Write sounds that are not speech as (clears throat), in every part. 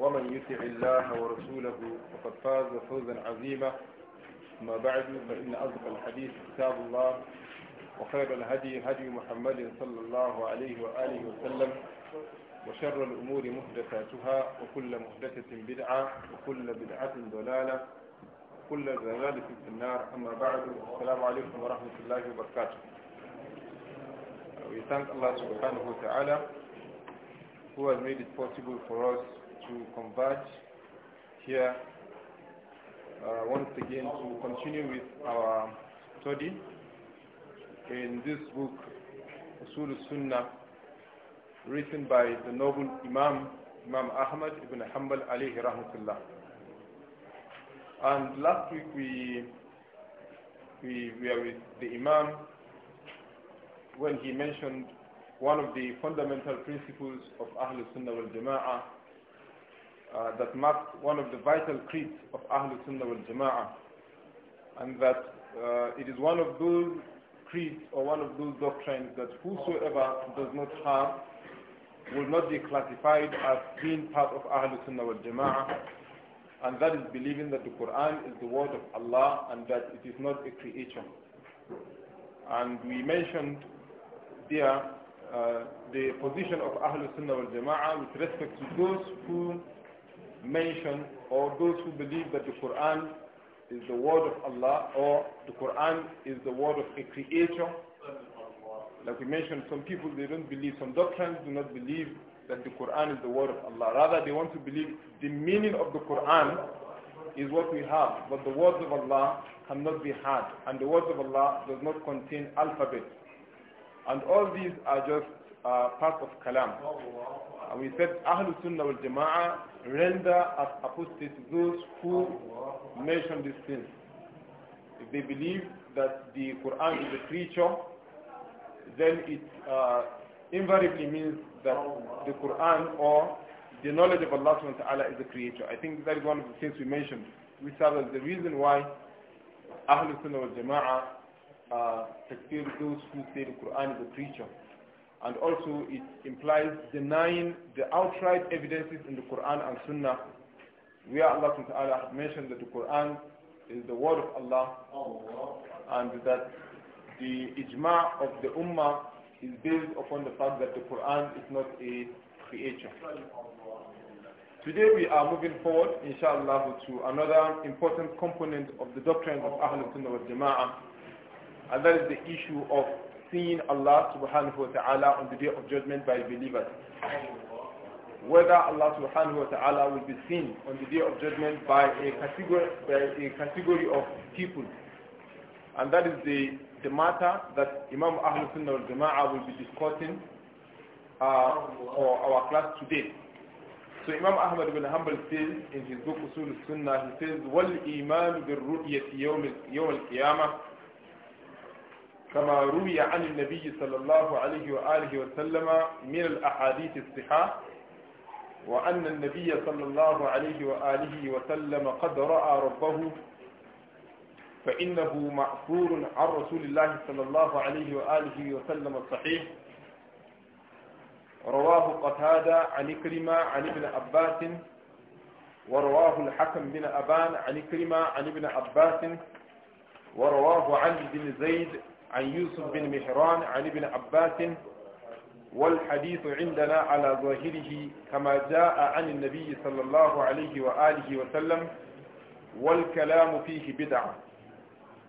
ومن يطع الله ورسوله فقد فاز فوزا عظيما ما بعد فإن أصدق الحديث كتاب الله وخير الهدي هدي محمد صلى الله عليه وآله وسلم وشر الأمور محدثاتها وكل محدثة بدعة وكل بدعة ضلالة وكل ضلالة في النار أما بعد السلام عليكم ورحمة الله وبركاته We thank Allah subhanahu wa ta'ala who has made it possible for us to converge here uh, once again to continue with our study in this book Usul Sunnah written by the noble Imam Imam Ahmad ibn Hanbal alayhi rahmatullah and last week we we were with the Imam when he mentioned one of the fundamental principles of Ahlul Sunnah wal Jama'ah uh, that marked one of the vital creeds of Ahlul Sunnah wal Jama'ah and that uh, it is one of those creeds or one of those doctrines that whosoever does not have will not be classified as being part of Ahlul Sunnah wal Jama'ah and that is believing that the Quran is the word of Allah and that it is not a creation. And we mentioned there uh, the position of Ahlul Sunnah wal Jama'ah with respect to those who mention or those who believe that the Quran is the word of Allah or the Quran is the word of a creator. Like we mentioned, some people they don't believe, some doctrines do not believe that the Quran is the word of Allah. Rather they want to believe the meaning of the Quran is what we have, but the words of Allah cannot be had and the words of Allah does not contain alphabet. And all these are just uh, part of kalam. And we said Ahlul Sunnah wal Jama'ah render as apostates those who mention these things. If they believe that the Quran is a creature, then it uh, invariably means that the Quran or the knowledge of Allah subhanahu wa ta'ala is a creature. I think that is one of the things we mentioned. We said that the reason why Ahlul Sunnah wal Jama'ah uh, those who say the Quran is a creature and also it implies denying the outright evidences in the Quran and Sunnah where Allah Ta'ala has mentioned that the Quran is the word of Allah and that the ijma of the ummah is based upon the fact that the Quran is not a creation. Today we are moving forward, inshallah, to another important component of the doctrine of Ahlul Sunnah wal Jama'ah, and that is the issue of seeing Allah subhanahu wa ta'ala on the day of judgment by believers. Whether Allah subhanahu wa ta'ala will be seen on the day of judgment by a category, by a category of people. And that is the, the matter that Imam Ahlul Sunnah al Jama'ah will be discussing uh, for our class today. So Imam Ahmad will Hanbal says in his book Usul al-Sunnah, he says, وَالْإِيمَانُ بِالرُّؤْيَةِ يَوْمِ الْقِيَامَةِ كما روي عن النبي صلى الله عليه وآله وسلم من الأحاديث الصحاح وأن النبي صلى الله عليه وآله وسلم قد رأى ربه فإنه معفور عن رسول الله صلى الله عليه وآله وسلم الصحيح رواه قتادة عن كريمة عن ابن عباس ورواه الحكم بن أبان عن كريمة عن ابن عباس ورواه عن بن زيد عن يوسف بن مهران عن ابن عباس والحديث عندنا على ظاهره كما جاء عن النبي صلى الله عليه وآله وسلم والكلام فيه بدعة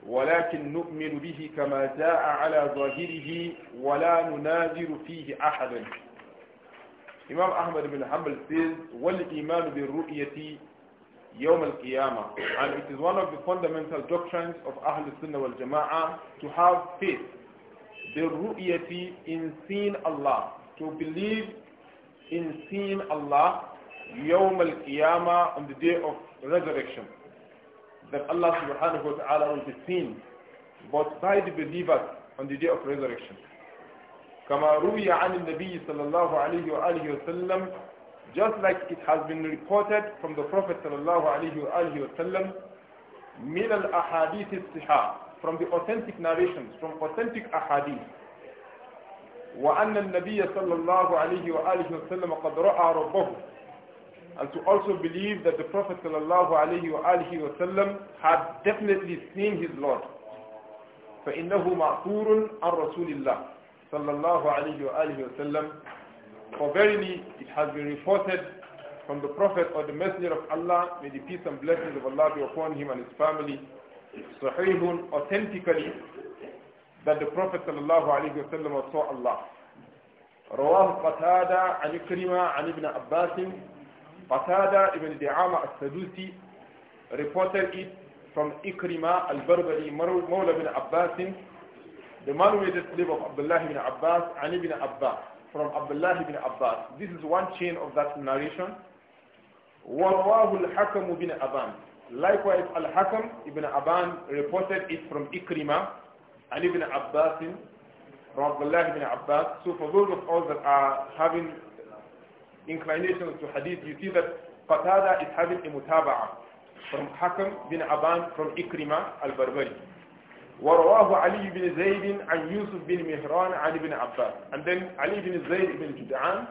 ولكن نؤمن به كما جاء على ظاهره ولا نناظر فيه أحدا إمام أحمد بن حنبل says والإيمان بالرؤية Yom al-Qiyamah. And it is one of the fundamental doctrines of Ahl Sunnah wal Jama'ah to have faith, the ru'yati in seeing Allah, to believe in seeing Allah, Yom al-Qiyamah on the day of resurrection, that Allah subhanahu wa ta'ala will be seen, but by the believers on the day of resurrection. كما روي عن النبي صلى الله عليه وآله وسلم just like it has been reported from the Prophet sallallahu alayhi wa sallam, min al from the authentic narrations, from authentic ahadith. وأن النبي صلى الله عليه وآله وسلم قد رأى ربه and to also believe that the Prophet صلى الله عليه وآله وسلم had definitely seen his Lord فإنه معصور عن رسول الله صلى الله عليه وآله وسلم for verily it has been reported from the Prophet or the Messenger of Allah, may the peace and blessings of Allah be upon him and his family, Sahihun, authentically, that the Prophet وسلم, saw Allah. رواه قتادة عن كريمة عن ابن عباس قتادة ابن دعامة السدوسي reported it from إكرمة البربري مولى Mawla عباس, the man with the slave of Abdullah ibn Abbas and ابن عباس from Abdullah ibn Abbas. This is one chain of that narration. وَرَوَاهُ الْحَكَمُ بِنْ أَبَانِ Likewise, Al-Hakam ibn Aban reported it from Ikrima and Ibn Abbas from Abdullah ibn Abbas. So for those of us that are having inclinations to hadith, you see that Qatada is having a mutaba'ah from Hakam bin Aban from Ikrima al-Barbari. ورواه علي بن زيد عن يوسف بن مهران عن ابن عباس and then Ali bin Zayd bin Jud'an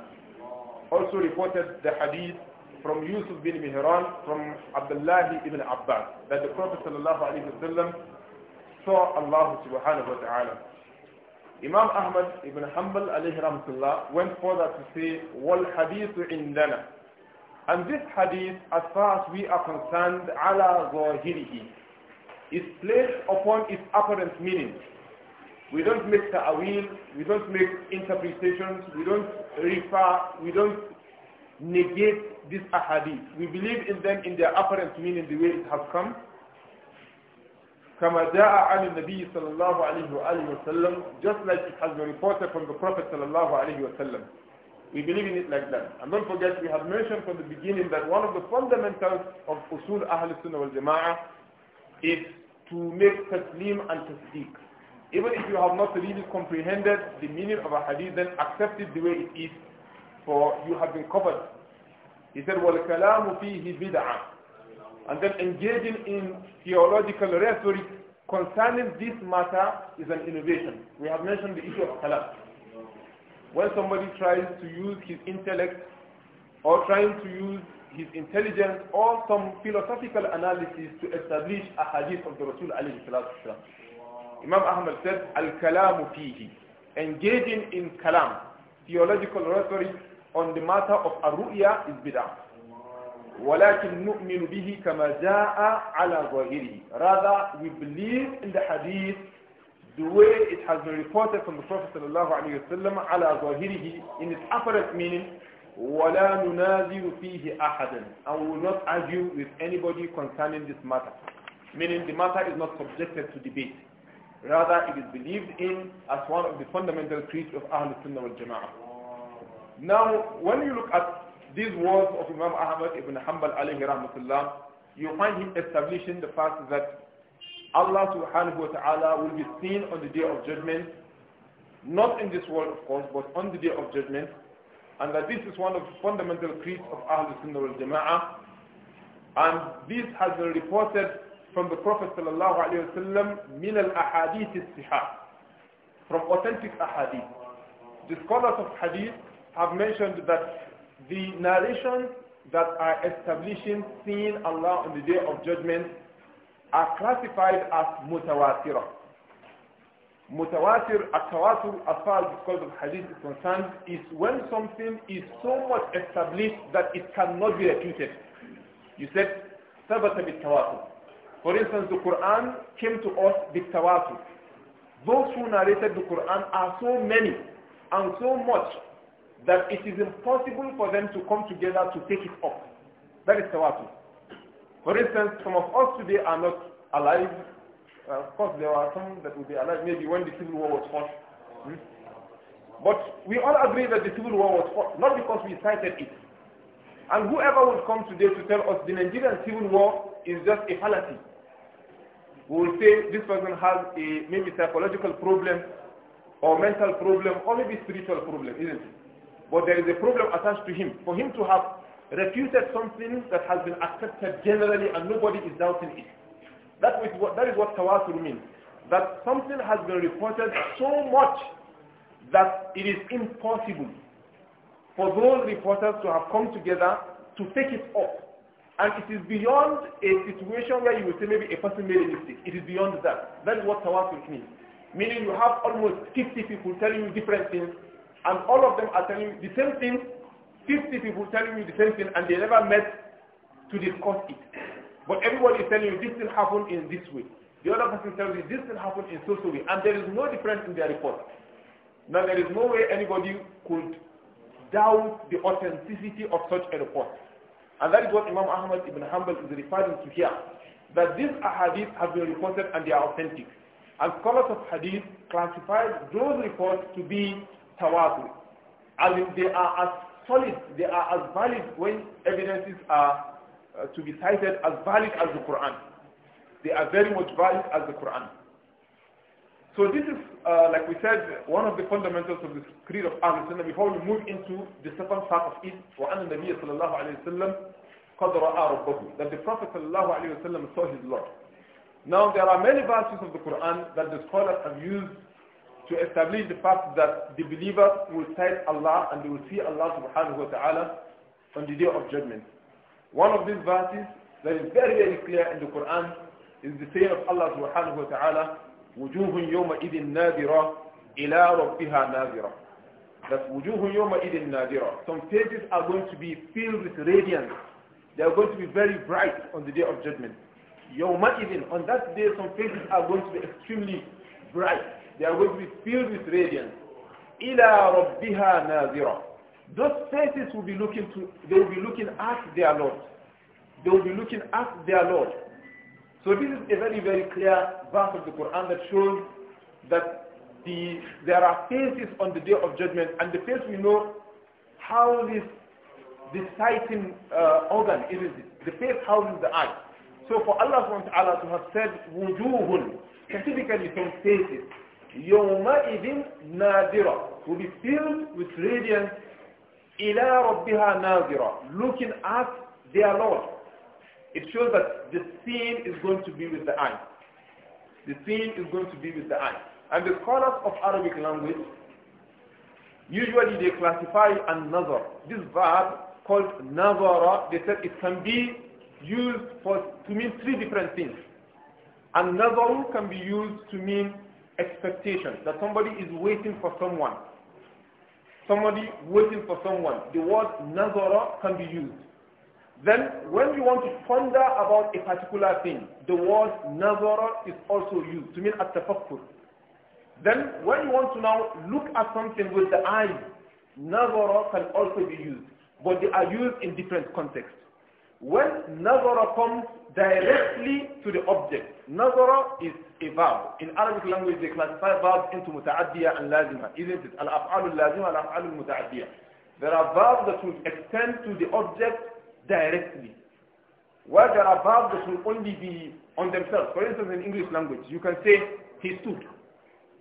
also reported the hadith from Yusuf bin Mihran from Abdullah ibn Abbas that the Prophet sallallahu alaihi wasallam saw Allah subhanahu wa ta'ala Imam Ahmad ibn Hanbal alayhi rahmatullah went further to say wal hadith indana and this hadith as far as we are concerned ala zahirihi is placed upon its apparent meaning. We don't make ta'awil, we don't make interpretations, we don't refer, we don't negate these ahadith. We believe in them in their apparent meaning, the way it has come. كما جاء عن النبي صلى الله عليه وآله وسلم just like it has been reported from the Prophet صلى الله عليه وسلم. We believe in it like that. And don't forget, we have mentioned from the beginning that one of the fundamentals of usul Ahl Sunnah wal Jama'ah is to make taslim and tasdeeq. Even if you have not really comprehended the meaning of a hadith, then accept it the way it is, for you have been covered. He said, وَالْكَلَامُ فِيهِ بِدْعًا And then engaging in theological rhetoric concerning this matter is an innovation. We have mentioned the issue of kalam. When somebody tries to use his intellect or trying to use his intelligence or some philosophical analysis to establish a hadith of the Rasul alayhi Imam Ahmad said, Al-kalamu fihi, engaging in kalam, theological rhetoric on the matter of arru'ya is bid'ah. ولكن نؤمن به كما جاء على ظاهره rather we believe in the hadith the way it has been reported from the Prophet صلى الله عليه وسلم على ظاهره in its apparent meaning وَلَا نُنَازِرُ فِيهِ أَحَدًا And we will not argue with anybody concerning this matter. Meaning the matter is not subjected to debate. Rather, it is believed in as one of the fundamental creeds of Ahl Sunnah wal Jama'ah. Now, when you look at these words of Imam Ahmad ibn Hanbal alayhi rahmatullah, you find him establishing the fact that Allah subhanahu wa ta'ala will be seen on the day of judgment, not in this world of course, but on the day of judgment, and that this is one of the fundamental creeds of Ahlul Sunnah wal Jama'ah. And this has been reported from the Prophet sallallahu alaihi wasallam min al-ahadith al from authentic ahadith. The scholars of hadith have mentioned that the narrations that are establishing seeing Allah on the day of judgment are classified as mutawatirah mutawatir, a tawatur as far as the of hadith is concerned, is when something is so much established that it cannot be refuted. You said, ثبت بالتواتر. For instance, the Quran came to us بالتواتر. Those who narrated the Quran are so many and so much that it is impossible for them to come together to take it up. That is tawatur. For instance, some of us today are not alive of course, there are some that will be alive maybe when the civil war was fought. Hmm? But we all agree that the civil war was fought, not because we cited it. And whoever will come today to tell us the Nigerian civil war is just a fallacy, we will say this person has a maybe psychological problem or mental problem or maybe spiritual problem, isn't it? But there is a problem attached to him. For him to have refuted something that has been accepted generally and nobody is doubting it. That is what, that is what tawasul means. That something has been reported so much that it is impossible for those reporters to have come together to take it up. And it is beyond a situation where you would say maybe a person made a mistake. It is beyond that. That is what tawasul means. Meaning you have almost 50 people telling you different things and all of them are telling you the same thing, 50 people telling you the same thing and they never met to discuss it. But everybody is telling you this thing happened in this way. The other person tells you this thing happened in so so way. And there is no difference in their report. Now there is no way anybody could doubt the authenticity of such a report. And that is what Imam Ahmad ibn Hanbal is referring to here. That these ahadith have been reported and they are authentic. And scholars of hadith classify those reports to be tawatur. I mean, they are as solid, they are as valid when evidences are uh, to be cited as valid as the Quran. They are very much valid as the Quran. So this is, uh, like we said, one of the fundamentals of the creed of Ahlul Sunnah before we move into the second part of it, وَأَنَّ النَّبِيَّ صَلَى اللَّهُ عَلَيْهِ وَسَلَّمْ قَدْ رَبَّهُ That the Prophet صلى الله عليه وسلم saw his Lord. Now there are many verses of the Quran that the scholars have used to establish the fact that the believers will cite Allah and they will see Allah subhanahu wa ta'ala on the day of judgment. One of these verses that is very, very clear in the Quran is the saying of Allah subhanahu wa ta'ala, وُجُوهٌ يَوْمَئِذٍ نَادِرَةٌ إِلَىٰ رَبِّهَا نَادِرَةٌ That's وُجُوهٌ يَوْمَئِذٍ نَادِرَةٌ Some faces are going to be filled with radiance. They are going to be very bright on the day of judgment. يَوْمَئِذٍ On that day, some faces are going to be extremely bright. They are going to be filled with radiance. إِلَىٰ رَبِّهَا نَادِرَةٌ those faces will be looking to, they will be looking at their Lord. They will be looking at their Lord. So this is a very, very clear verse of the Quran that shows that the, there are faces on the day of judgment and the face we know how this deciding uh, organ it is. The face houses the eye. So for Allah subhanahu wa ta'ala to have said wujuhun, specifically some faces, يومئذ نادرة will be filled with radiance إِلَىٰ رَبِّهَا نَاظِرًا Looking at their Lord. It shows that the scene is going to be with the eye. The scene is going to be with the eye. And the scholars of Arabic language, usually they classify another. This verb called nazara, they said it can be used for, to mean three different things. And nazaru can be used to mean expectation, that somebody is waiting for someone somebody waiting for someone, the word nazara can be used. Then when you want to ponder about a particular thing, the word nazara is also used to mean at-tafakkur. Then when you want to now look at something with the eyes, nazara can also be used, but they are used in different contexts when nazara comes directly to the object. Nazara is a verb. In Arabic language, they classify verbs into muta'addiya and lazima, isn't it? Al-af'al al-lazima, al-af'al al There are verbs that will extend to the object directly. While there are verbs that will only be on themselves. For instance, in English language, you can say, he stood.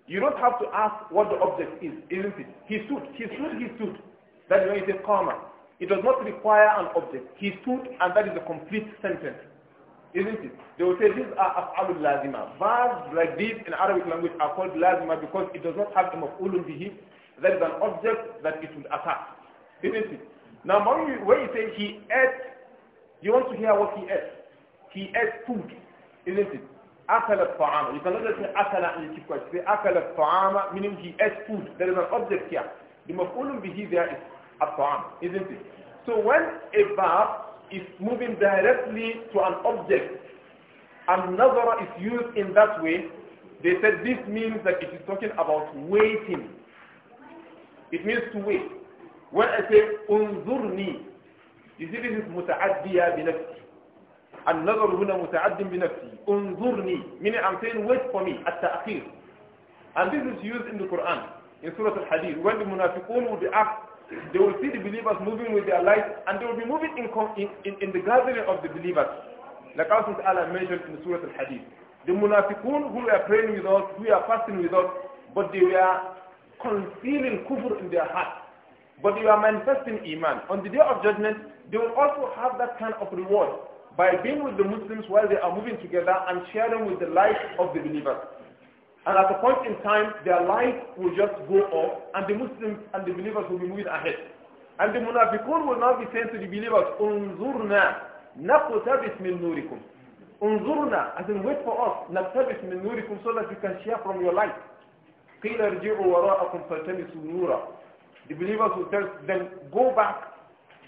You don't have to ask what the object is, isn't it? He stood, he stood, he stood. That's when you say, qama. It does not require an object. He stood and that is a complete sentence. Isn't it? They will say these are af'alul lazima. Verbs like these in Arabic language are called lazima because it does not have a maf'ulun bihi. That is an object that it would attack. Isn't it? Now when you, when you say he ate, you want to hear what he ate. He ate food. Isn't it? أكل الطعام. You cannot just say أكل and you keep quiet. Say أكل الطعام meaning he ate food. There is an object here. The maf'ulun bihi there is isn't it? So when a verb is moving directly to an object and nazara is used in that way, they said this means that it is talking about waiting. It means to wait. When I say unzurni, you see this is muta'addiya binafsi. النظر هنا متعد بنفسي Unzurni, meaning I'm saying wait for me التأخير and this is used in the Quran in Surah Al-Hadid when the munafiqun would ask they will see the believers moving with their light and they will be moving in, in, in the gathering of the believers. Like Allah Ta'ala mentioned in the Surah Al-Hadith. The munafiqun who are praying with us, who are fasting with us, but they were concealing kufr in their hearts. But they were manifesting iman. On the day of judgment, they will also have that kind of reward by being with the Muslims while they are moving together and sharing with the light of the believers. And at a point in time, their life will just go off and the Muslims and the believers will be moving ahead. And the munafiqun will now be saying to the believers, Unzurna, naqtabis min nurikum. Unzurna, as in wait for us, naqtabis min nurikum, so that you can share from your light. قِيلَ ارْجِعُوا وَرَاءَكُمْ فَالْتَمِسُوا نُورًا The believers will tell them, go back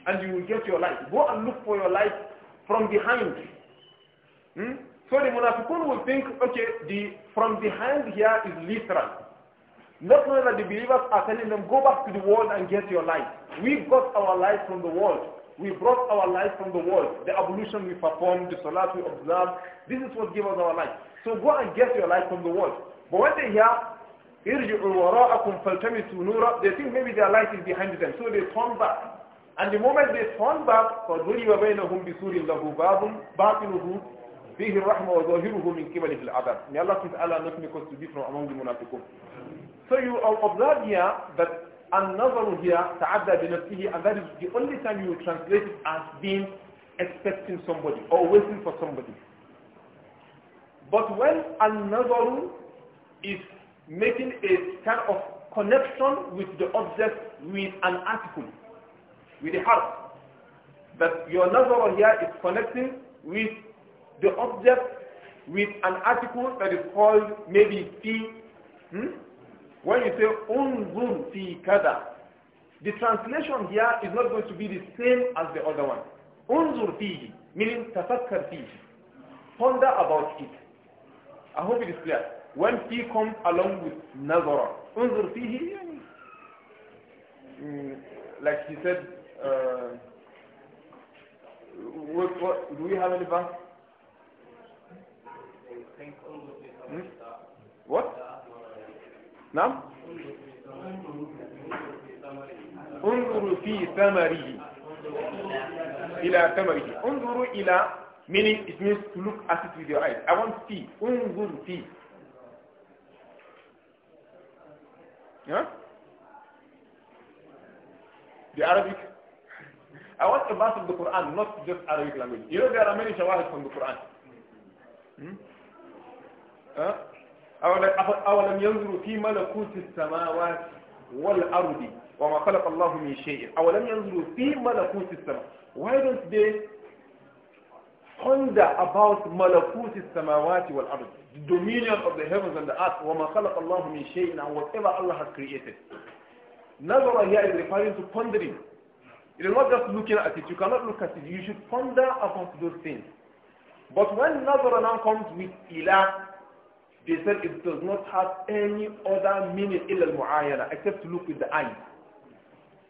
and you will get your light. Go and look for your light from behind. Hmm? So the munafiqun will think, okay, the from behind here is literal. Not knowing that the believers are telling them, go back to the world and get your life. We got our life from the world. We brought our life from the world. The ablution we performed, the salat we observed, this is what gave us our life. So go and get your life from the world. But when they hear, irji'u wara'akum faltamisu they think maybe their life is behind them. So they turn back. And the moment they turn back, فَضُرِبَ بَيْنَهُمْ بِسُورٍ لَهُ بَابٌ بَاطِنُهُ فيه الرحمة وظاهره من قبل في العذاب. May Allah subhanahu wa not make us to differ among the munafiqun. So you observed here that النظر here تعدى بنفسه and that is the only time you translate it as being expecting somebody or waiting for somebody. But when another is making a kind of connection with the object with an article, with a harf, that your nazar here is connecting with the object with an article that is called maybe fi. Hmm? When you say unzun fi kada, the translation here is not going to be the same as the other one. Unzur fihi, meaning tafakkar fihi. Ponder about it. I hope it is clear. When fi comes along with nazara, unzur fihi, mm, like he said, uh, what, what, do we have any verse? Hmm? What? نعم انظروا في ثمره إلى ثمره انظروا إلى meaning it means to look at it with your eyes I want see انظر في yeah? the Arabic I want a verse of the Quran not just Arabic language you know there are many shawahid from the Quran hmm? awalam yanzuru fi malakuti samawati wal ardi wa ma khalaqa Allahu min shay'in awalam yanzuru fi why don't they ponder about malakuti samawati wal ardi the dominion of the heavens and the earth wa ma khalaqa Allahu min shay'in and whatever Allah has created Nazara here is referring to pondering. It is not just looking at it. You cannot look at it. You should ponder about those things. But when Nazara now comes with ila. They said it does not have any other meaning illa muayyana except to look with the eye.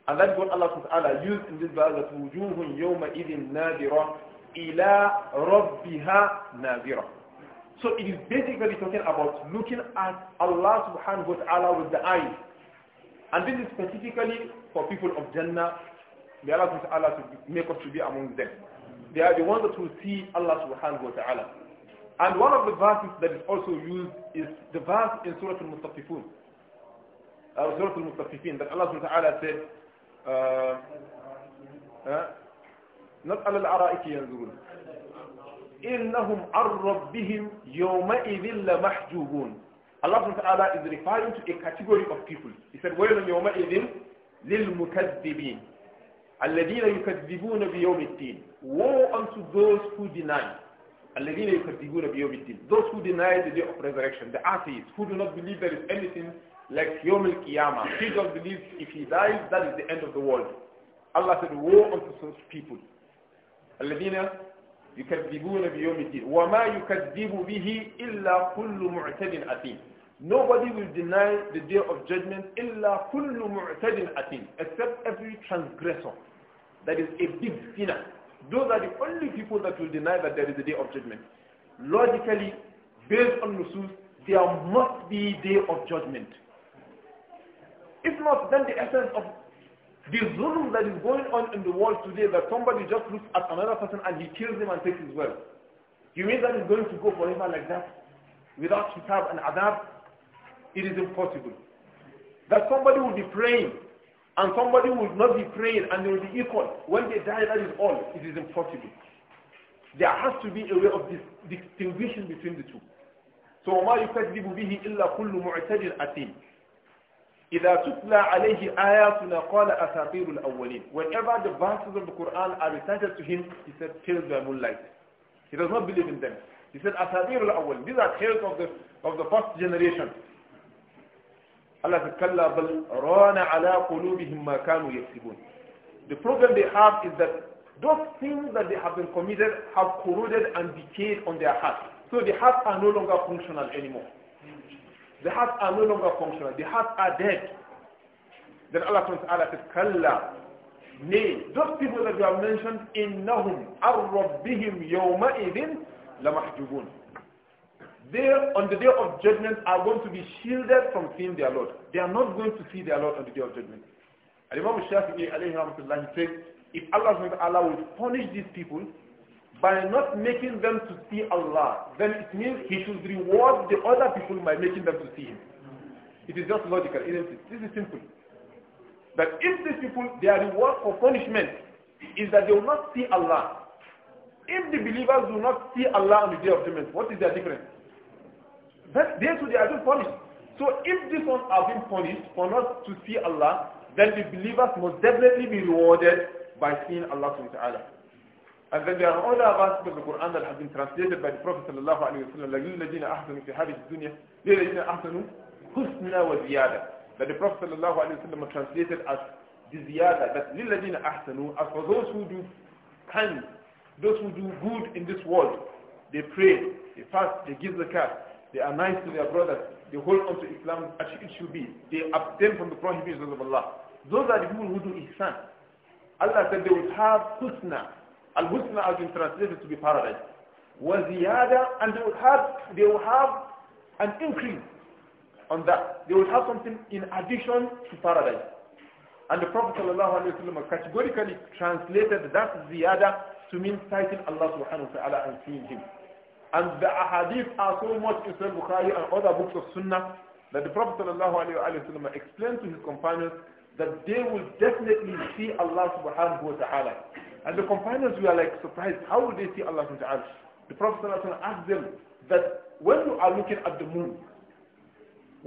And that's what Allah Ta'ala used in this verse that wujuhun yawma idin nadira ila rabbiha nadira. So it is basically talking about looking at Allah subhanahu wa ta'ala with the eyes. And this is specifically for people of Jannah. May Allah subhanahu wa ta'ala make us to be among them. They are the ones that will see Allah subhanahu wa ta'ala. And one of the verses that is also used is the verse in Surah Al-Mustafifun. Uh, Surah Al-Mustafifin that Allah subhanahu wa ta'ala said, uh, uh, not ala al-ara'iki yanzurun. إنهم عن ربهم يومئذ لمحجوبون Allah subhanahu wa ta'ala is referring to a category of people. He said, وَيْلٌ يَوْمَئِذٍ لِلْمُكَذِّبِينَ الَّذِينَ يُكَذِّبُونَ بِيَوْمِ الدِّينِ Woe unto those who deny الَّذِينَ يُكَذِّبُونَ بِيَوْمِ Those who deny the day of resurrection, the atheists, who do not believe there is anything like Yom al-Qiyamah. He just believe if he dies, that is the end of the world. Allah said, woe unto such people. الَّذِينَ يُكَذِّبُونَ بِيَوْمِ الدِّينِ وَمَا يُكَذِّبُ بِهِ إِلَّا كُلُّ مُعْتَدٍ أَثِيمٍ Nobody will deny the day of judgment إِلَّا كُلُّ مُعْتَدٍ أَثِيمٍ except every transgressor. That is a big sinner. Those are the only people that will deny that there is a day of judgment. Logically, based on Nusus, there must be day of judgment. If not, then the essence of the zulm that is going on in the world today that somebody just looks at another person and he kills him and takes his wealth. You mean that is going to go forever like that? Without kitab and adab? It is impossible. That somebody will be praying and somebody will not be praying and they will be equal. When they die, that is all. It is impossible. There has to be a way of distinguishing between the two. So وَمَا يُكَذِّبُ بِهِ إِلَّا كُلُّ مُعْتَدٍ أَثِيمٍ إِذَا تُتْلَى عَلَيْهِ آيَاتُنَا قَالَ أَسَاطِيرُ الْأَوَّلِينَ Whenever the verses of the Quran are recited to him, he said, tales by moonlight. He does not believe in them. He said, أَسَاطِيرُ الْأَوَّلِينَ These are tales of the, of the first generation. Allah said, Kalla bal rana ala qulubihim ma kanu yaksibun. The problem they have is that those things that they have been committed have corroded and decayed on their hearts. So the hearts are no longer functional anymore. The hearts are no longer functional. The hearts are dead. Then Allah SWT said, Kalla. Nay, those people that you have mentioned, innahum ar يَوْمَئِذٍ yawma they on the day of judgment are going to be shielded from seeing their Lord. They are not going to see their Lord on the day of judgment. And Imam Shafi'i alayhi rahmatullah says, if Allah Allah will punish these people by not making them to see Allah, then it means he should reward the other people by making them to see him. It is just logical, isn't it? This is simple. But if these people, their reward for punishment is that they will not see Allah. If the believers do not see Allah on the day of judgment, what is their difference? That they too, they are being punished. So if these ones are being punished for not to see Allah, then the believers must definitely be rewarded by seeing Allah subhanahu wa ta'ala. And then there are other verses of the Quran that have been translated by the Prophet sallallahu alayhi wa sallam, لَلَّذِينَ أَحْسَنُوا فِي هَذِهِ الدُّنْيَا لَلَّذِينَ أَحْسَنُوا حُسْنًا وَزِيَادَةً That the Prophet sallallahu alaihi wasallam translated as the ziyada, that لِلَّذِينَ ahsanu. As for those who do kind, those who do good in this world, they pray, they fast, they give the zakat, they are nice to their brothers. They hold on to Islam as it should be. They abstain from the prohibitions of Allah. Those are the people who do ihsan. Allah said they will have husna. Al-husna has been translated to be paradise. Waziyada, and they will have, they will have an increase on that. They will have something in addition to paradise. And the Prophet ﷺ categorically translated that ziyada to mean citing Allah subhanahu wa ta'ala and seeing him. And the ahadith are so much in Sahih Bukhari and other books of Sunnah that the Prophet ﷺ explained to his companions that they will definitely see Allah subhanahu wa ta'ala. And the companions were like surprised, how will they see Allah subhanahu wa ta'ala? The Prophet ﷺ asked them that when you are looking at the moon,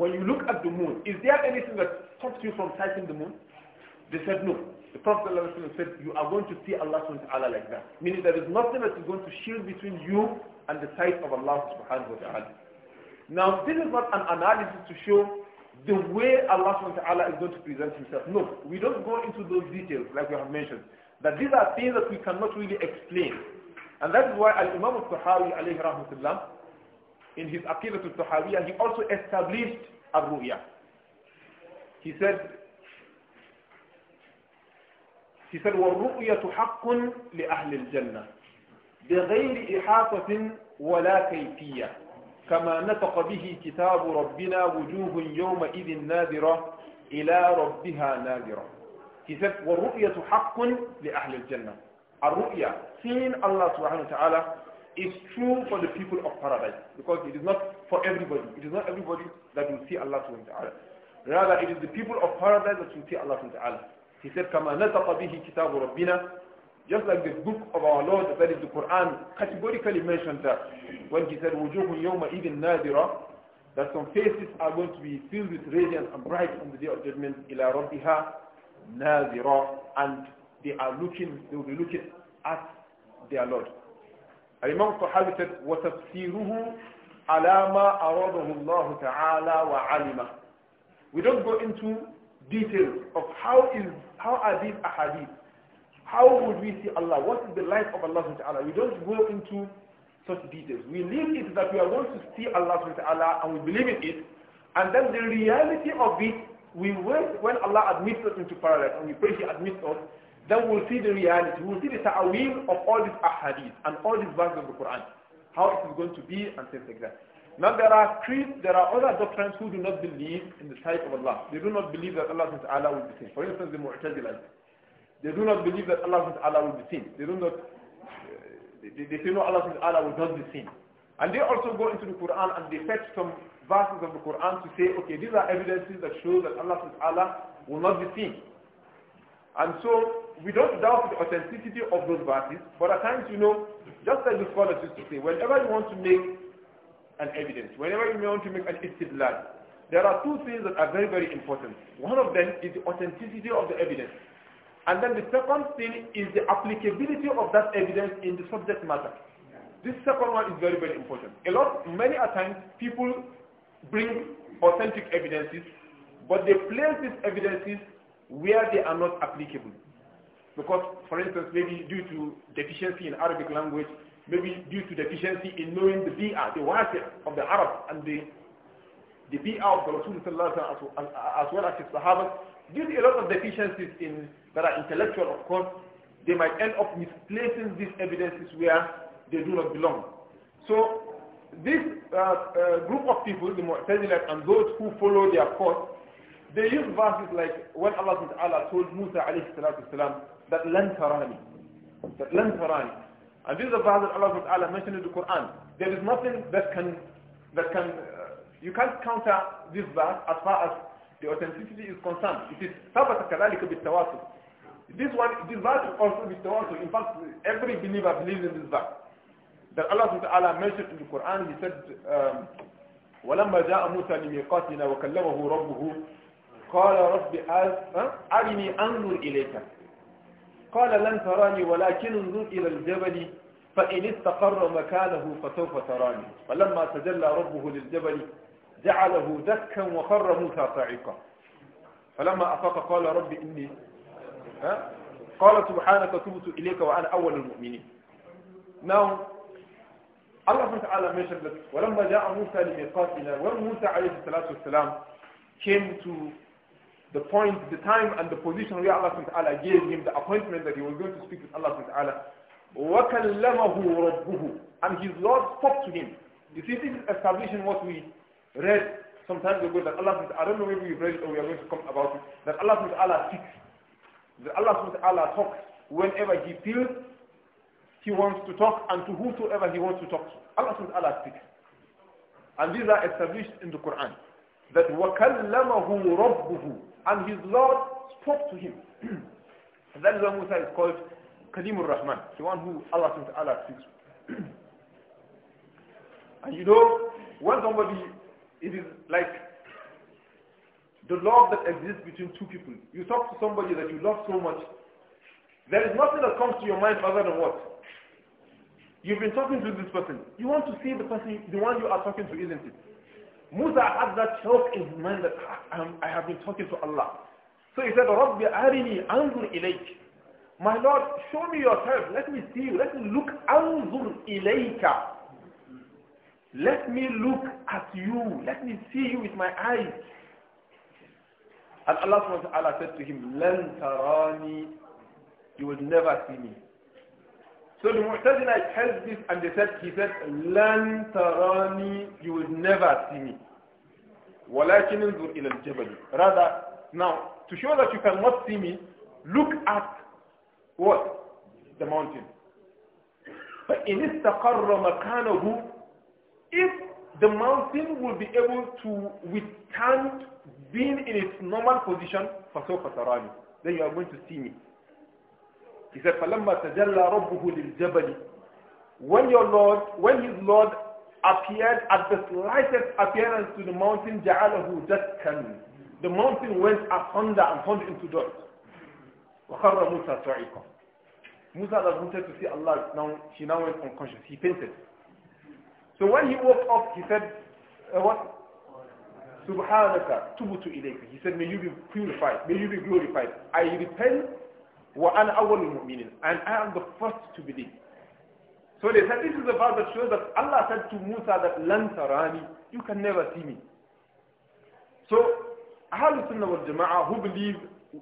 when you look at the moon, is there anything that stops you from sighting the moon? They said no. The Prophet ﷺ said, you are going to see Allah subhanahu wa ta'ala like that. Meaning there is nothing that is going to shield between you and the sight of Allah subhanahu wa ta'ala. Now, this is not an analysis to show the way Allah subhanahu wa ta'ala is going to present himself. No, we don't go into those details like we have mentioned. That these are things that we cannot really explain. And that is why Al-Imam al-Tuhawi alayhi rahmatullah, in his Aqidat al-Tuhawiyah, he also established a ruya He said, he said, وَالرُّؤْيَةُ حَقٌّ لِأَهْلِ الْجَنَّةِ بغير إحاطة ولا كيفية كما نطق به كتاب ربنا وجوه يومئذ ناذرة إلى ربها ناذرة كتاب والرؤية حق لأهل الجنة الرؤية seeing Allah سبحانه وتعالى is true for the people of paradise because it is not for everybody it is not everybody that will see Allah subhanahu wa ta'ala rather it is the people of paradise that will see Allah subhanahu wa ta'ala he said كما نطق به كتاب ربنا Just like the book of our Lord, that is the Quran, categorically mentioned that when he said, Wujuhun Yawma إِذٍ نَادِرَةٌ that some faces are going to be filled with radiance and bright on the day of judgment, إِلَى رَبِّهَا And they are looking, they will be looking at their Lord. Imam Sahabi said, وَتَفْسِيرُهُ Alama مَا Allah Taala wa Alima. We don't go into details of how is how are these ahadith how would we see Allah? What is the life of Allah subhanahu wa ta'ala? We don't go into such details. We leave it that we are going to see Allah subhanahu wa ta'ala and we believe in it. And then the reality of it, we wait when Allah admits us into paradise and we pray He admits us, then we'll see the reality. We'll see the ta'awil of all these ahadith and all these verses of the Quran. How it is going to be and things like that. Now there are creeds, there are other doctrines who do not believe in the type of Allah. They do not believe that Allah subhanahu wa ta'ala will be seen. For instance, the Mu'tazilah. They do not believe that Allah Allah will be seen. They do not. They, they say no, Allah Allah will not be seen. And they also go into the Quran and they fetch some verses of the Quran to say, okay, these are evidences that show that Allah Allah will not be seen. And so we don't doubt the authenticity of those verses, but at times, you know, just like the scholars used to say, whenever you want to make an evidence, whenever you want to make an istidlal, there are two things that are very, very important. One of them is the authenticity of the evidence. And then the second thing is the applicability of that evidence in the subject matter. This second one is very, very important. A lot, many a times, people bring authentic evidences, but they place these evidences where they are not applicable. Because, for instance, maybe due to deficiency in Arabic language, maybe due to deficiency in knowing the B R, the wasir of the Arab and the, the B R of the Rasulullah as well as the Sahaba, due to a lot of deficiencies in that are intellectual, of course, they might end up misplacing these evidences where they do not belong. So this uh, uh, group of people, the Mu'tazilah and those who follow their course, they use verses like when Allah Ta'ala told Musa alayhi salatu wasalam that lan tarani, that lan tarani. And a verse that Allah Ta'ala mentioned in the Quran. There is nothing that can, that can, uh, you can't counter this verse as far as the authenticity is concerned. It is ثبت كذلك بالتواصل. This one, this verse is also Mr. Also, in fact, every believer believes in this verse. That Allah subhanahu wa ta'ala mentioned in the Quran, he said, um, ولما جاء موسى لميقاتنا وكلمه ربه قال رب أرني أنظر إليك قال لن تراني ولكن انظر إلى الجبل فإن استقر مكانه فسوف تراني فلما تجلى ربه للجبل جعله دكا وخر موسى صعيقا فلما أفاق قال رب إني قال سبحانك تبت إليك وأنا أول المؤمنين Now, Allah SWT mentioned that وَلَمَّا جَاءَ مُوسَى لِمِيقَاتِنَا When Musa عليه الصلاة والسلام came to the point, the time and the position where Allah Taala gave him the appointment that he was going to speak with Allah SWT وَكَلَّمَهُ رَبُّهُ And his Lord spoke to him. You see, this is establishing what we read sometimes ago that Allah I don't know whether we've read it or we are going to come about it, that Allah speaks the Allah subhanahu talks whenever He feels He wants to talk and to whosoever He wants to talk to. Allah subhanahu speaks. And these are established in the Quran. That وَكَلَّمَهُ رَبُّهُ And his Lord spoke to him. Then (clears throat) that is why Musa is called Kalimur Rahman, the one who Allah subhanahu speaks (clears throat) and you know, when somebody, it is like the love that exists between two people. You talk to somebody that you love so much. There is nothing that comes to your mind other than what? You've been talking to this person. You want to see the person, the one you are talking to, isn't it? Musa had that thought in his mind that ah, I have been talking to Allah. So he said, Rabbi arini anzur ilayk. My Lord, show me yourself. Let me see you. Let me look anzur ilayka. Let me look at you. Let me see you with my eyes. And Allah said to him, لَن تَرَانِي You will never see me. So the Mu'tazila held this and they said, he said, لَن تَرَانِي You will never see me. وَلَكِنْ انظُرْ إِلَى الْجَبَلِ Rather, now, to show that you cannot see me, look at what? The mountain. فَإِنِ اسْتَقَرَّ مَكَانَهُ If the mountain will be able to withstand being in its normal position for فسوف تراني then you are going to see me he said فلما تجلى ربه للجبل when your lord when his lord appeared at the slightest appearance to the mountain just دكا the mountain went asunder and turned into dust وخر موسى Musa that wanted to see Allah now he now went unconscious he fainted so when he woke up, he said, uh, what? Subhanaka, tubutu ilayka. He said, may you be purified, may you be glorified. I repent, wa an awwalul mu'minin. And I am the first to believe. So they said, this is a verse that shows that Allah said to Musa that, lan tarani, you can never see me. So, Ahlul Sunnah wal Jama'ah who believe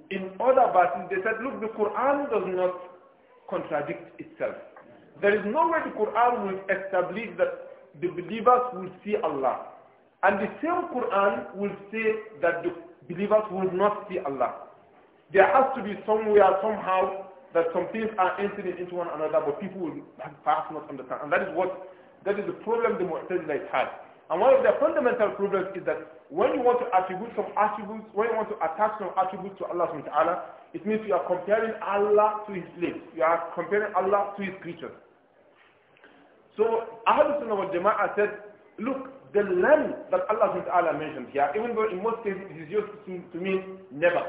in other verses, they said, look, the Quran does not contradict itself. There is no way the Quran will establish that the believers will see Allah. And the same Quran will say that the believers will not see Allah. There has to be somewhere, somehow, that some things are entering into one another, but people will perhaps not understand. And that is what, that is the problem the Mu'tazilites had. And one of their fundamental problems is that when you want to attribute some attributes, when you want to attach some attributes to Allah subhanahu wa ta'ala, it means you are comparing Allah to his slaves. You are comparing Allah to his creatures. So Ahlul Sunnah wal Jama'ah said, look, the land that Allah Ta'ala mentioned here, even though in most cases it is used to mean never.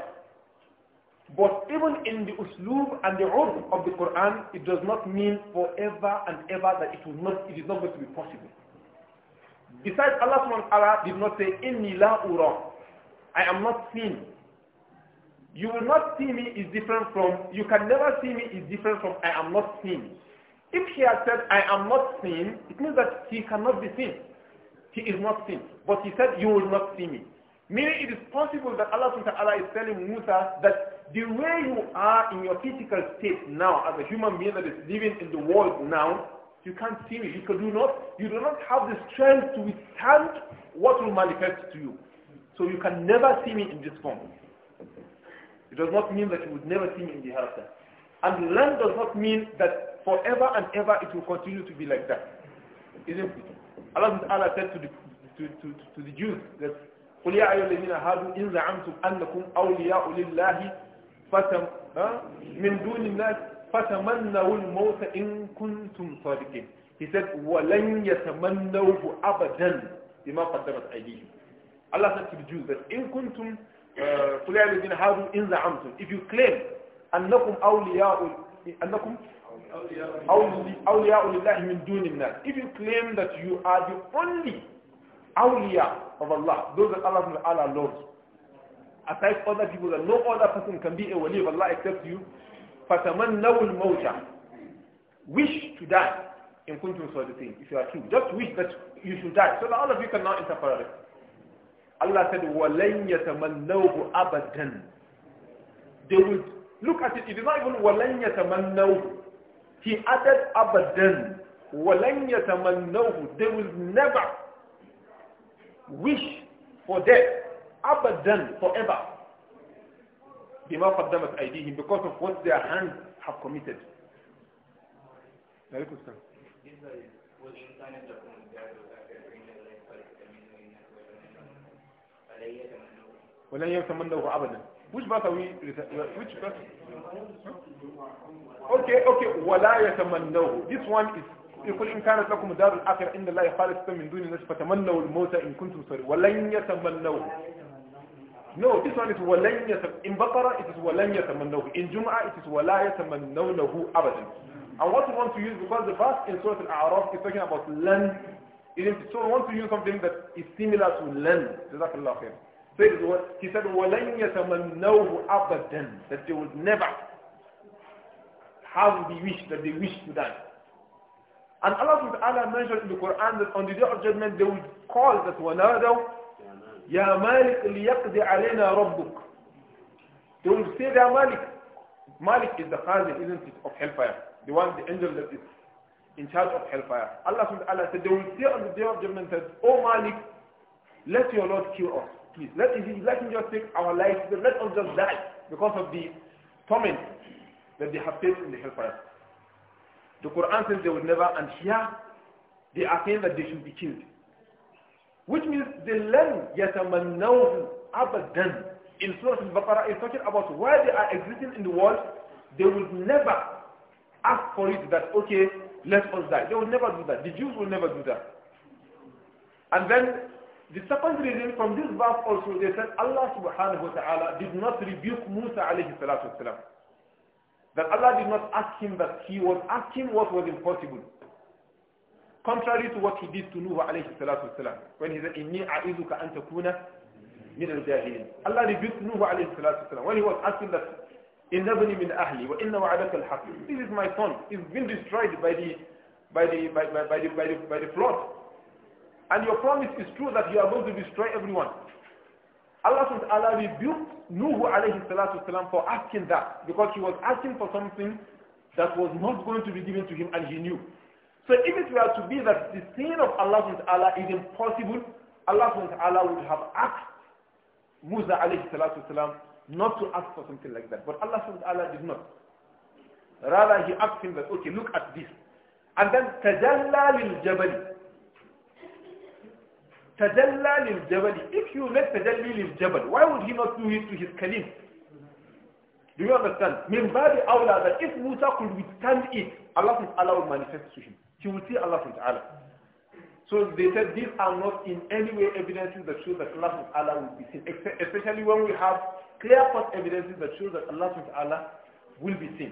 But even in the uslub and the urf of the Quran, it does not mean forever and ever that it will not, it is not going to be possible. Besides, Allah Ta'ala did not say, Inni la ura. I am not seen. You will not see me is different from, you can never see me is different from I am not seen. If he had said, I am not seen, it means that he cannot be seen. He is not seen. But he said, you will not see me. Meaning it is possible that Allah subhanahu wa ta'ala is telling Musa that the way you are in your physical state now, as a human being that is living in the world now, you can't see me. You can do not, you do not have the strength to withstand what will manifest to you. So you can never see me in this form. It does not mean that you would never see me in the hereafter. And land does not mean that forever and ever it will continue to be like that. Isn't it? Allah, said to the, to, to, to the Jews that قل يا أيها الذين هادوا إن زعمتم أنكم أولياء لله فتم من دون الناس فتمنوا الموت إن كنتم صادقين He said ولن يتمنوه أبدا بما قدمت أيديهم Allah said to the Jews that إن كنتم قل يا أيها الذين هادوا إن زعمتم If you claim annakum awliya'u annakum awliya'u lillahi min dunin nas if you claim that you are the only awliya of Allah those that Allah subhanahu Allah ta'ala loves aside other people that no other person can be a wali of Allah except you fatamannaw al-mawta wish to die in kuntum sadiqin if you are true just wish that you should die so that all of you can now interfere it Allah said walan yatamannawu abadan they would. Look at it. It is not even وَلَنْ يَتَمَنَّوْهُ. He added abadan. وَلَنْ يَتَمَنَّوْهُ. They will never wish for death. Abadan, forever. بِمَا قَدَّمَتْ أَيْدِيهِمْ Because of what their hands have committed. ولن يتمنوه أبدا which verse are we which verse okay okay ولا يتمنوه this one is يقول إن كانت لكم دار الآخرة إن الله خالص من دون الناس فتمنوا الموت إن كنتم صادقين ولن يتمنوه No, this one is ولن يتمنوه In Baqarah it is ولن يتمنوه In Jum'ah it is ولا يتمنونه أبدا And what we want to use because the verse in Surah Al-A'raf is talking about لن It is, so we want to use something that is similar to لن جزاك الله خير Said, he said, وَلَنْ يَتَمَنَّوْهُ أَبَدًا That they would never have the wish that they wish to die. And Allah subhanahu wa ta'ala mentioned in the Quran that on the day of judgment they will call that وَنَادَوْا يَا مَالِكْ لِيَقْضِ عَلَيْنَا رَبُّكَ They will say, Ya Malik. Malik is the Qazir, isn't it, of hellfire. The one, the angel that is in charge of hellfire. Allah subhanahu wa ta'ala said, they will say on the day of judgment that, O Malik, let your Lord kill us. Please, let, let him just take our life. Let us just die because of the torment that they have faced in the hellfire. The Quran says they will never, and here they are saying that they should be killed. Which means they learn يَتَمَنَّوْهُ أَبَدًا In Surah Al-Baqarah is talking about why they are existing in the world. They will never ask for it that, okay, let us die. They will never do that. The Jews will never do that. And then the second reason from this verse also they said Allah subhanahu wa ta'ala did not rebuke Musa alayhi salatu wasalam. That Allah did not ask him that he was asking what was impossible. Contrary to what he did to Nuh alayhi salatu wasalam. When he said, إني a'iduka أن takuna من الجاهلين. Allah rebuked Nuh alayhi salatu wasalam. When he was asking that, Innabni min ahli wa inna wa'adaka al This is my son. He's been destroyed by the, by the, by, by, by the, by the, by the flood. And your promise is true that you are going to destroy everyone. Allah subhanahu wa ta'ala rebuked Nuhu alayhi salatu for asking that because he was asking for something that was not going to be given to him and he knew. So if it were to be that the sin of Allah subhanahu wa ta'ala is impossible, Allah subhanahu wa ta'ala would have asked Musa alayhi salatu wasalam not to ask for something like that. But Allah subhanahu wa ta'ala did not. Rather he asked him that, okay, look at this. And then tajalla lil Tajalla lil If you let Tajalli lil jabal, why would he not do it to his kalim? Do you understand? Min babi awla that if Musa could withstand it, Allah says Allah will manifest to him. He will see Allah Allah. So they said these are not in any way evidences that show that Allah Allah will be seen. Especially when we have clear-cut evidences that show that Allah Allah will be seen.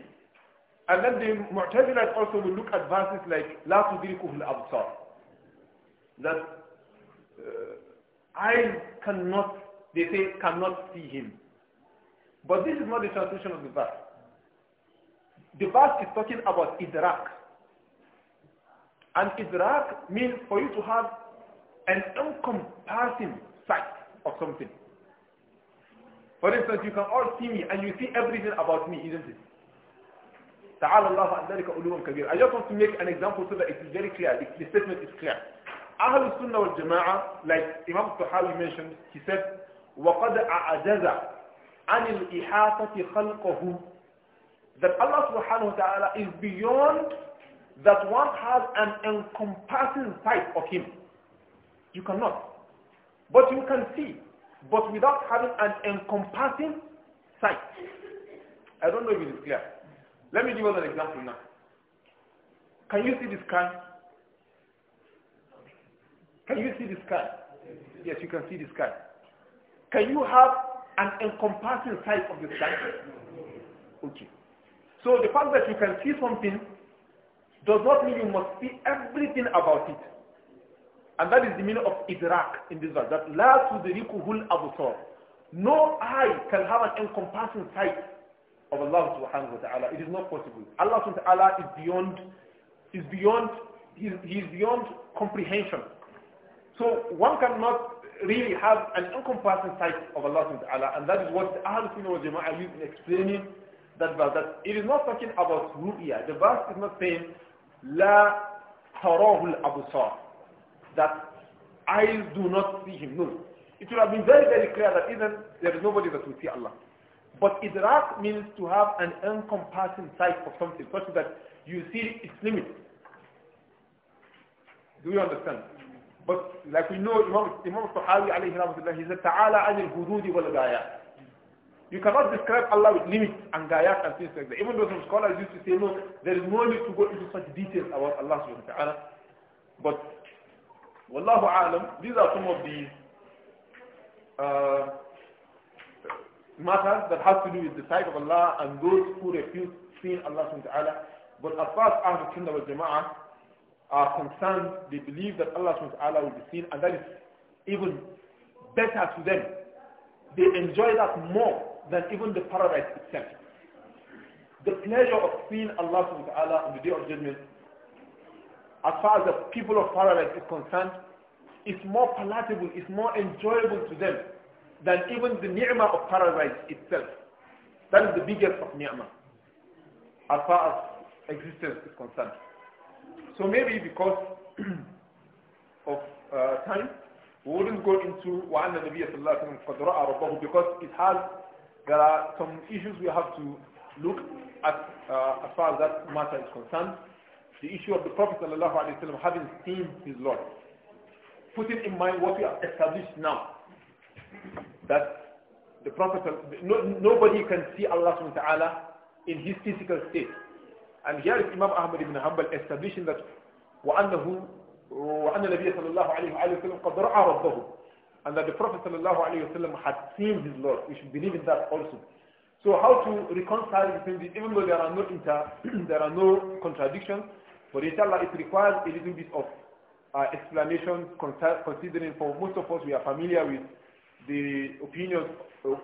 And then the Mu'tazilites also will look at verses like لا تدركه الأبصار that uh, I cannot, they say, cannot see him. But this is not the translation of the verse. The verse is talking about idrak. And idrak means for you to have an encompassing sight of something. For instance, you can all see me and you see everything about me, isn't it? I just want to make an example so that it is very clear, the statement is clear. Ahlul Sunnah wal Jama'ah, like Imam Tahawi mentioned, he said, وَقَدْ أَعَجَزَ عَنِ الْإِحَاطَةِ خَلْقَهُ That Allah subhanahu wa ta'ala is beyond that one has an encompassing sight of Him. You cannot. But you can see, but without having an encompassing sight. I don't know if it is clear. Let me give us an example now. Can you see the sky? Can you see the sky? Yes, you can see the sky. Can you have an encompassing sight of the sky? Okay. So the fact that you can see something does not mean you must see everything about it. And that is the meaning of idrak in this verse. That la tudrikuhul absar. No eye can have an encompassing sight of Allah subhanahu wa ta'ala. It is not possible. Allah subhanahu wa ta'ala is beyond, is beyond, he is beyond comprehension. So one cannot really have an encompassing sight of Allah subhanahu wa ta'ala and that is what Ahl Sunnah wa Jama'ah use in explaining that verse. That it is not talking about ru'ya. The verse is not saying La Tarahul Abusar that I do not see him. No. It would have been very, very clear that even there is nobody that will see Allah. But idrak means to have an encompassing sight of something such that you see its limits. Do you understand? But like we know, Imam, Imam Sahawi alayhi rahmatullah, he said, Ta'ala anil hududi wal gayat. You cannot describe Allah with limits and gayat and things like that. Even though some scholars used to say, no, there is no need to go into such details about Allah subhanahu wa ta'ala. But, wallahu alam, these are some of the uh, matters that has to do with the sight of Allah and those who refuse seeing Allah subhanahu wa ta'ala. But as far as Ahlul Sunnah wal Jama'ah, are concerned, they believe that Allah subhanahu will be seen and that is even better to them. They enjoy that more than even the paradise itself. The pleasure of seeing Allah subhanahu on the day of judgment, as far as the people of paradise is concerned, is more palatable, is more enjoyable to them than even the ni'mah of paradise itself. That is the biggest of ni'mah, as far as existence is concerned. So maybe because (clears throat) of uh, time, we wouldn't go into وَأَنَّ النَّبِيَّ صَلَّى اللَّهُ عَلَيْهِ وَسَلَّمَ because it has, there are some issues we have to look at uh, as far as that matter is concerned. The issue of the Prophet ﷺ having seen his Lord. Putting in mind what we have established now, that the Prophet, no, nobody can see Allah subhanahu wa ta'ala in his physical state. And here is Imam Ahmad ibn Hanbal establishing that وَأَنَّهُ وَأَنَّ النَّبِيَّ صَلَى اللَّهُ عَلَيْهِ وَآلِهِ وَسَلَّمَ قَدْ رَأَى رَبَّهُ And that the Prophet صلى الله عليه وسلم had seen his Lord. We should believe in that also. So how to reconcile between these, even though there are no inter, (clears throat) there are no contradictions, but inshallah it requires a little bit of uh, explanation considering for most of us we are familiar with the opinions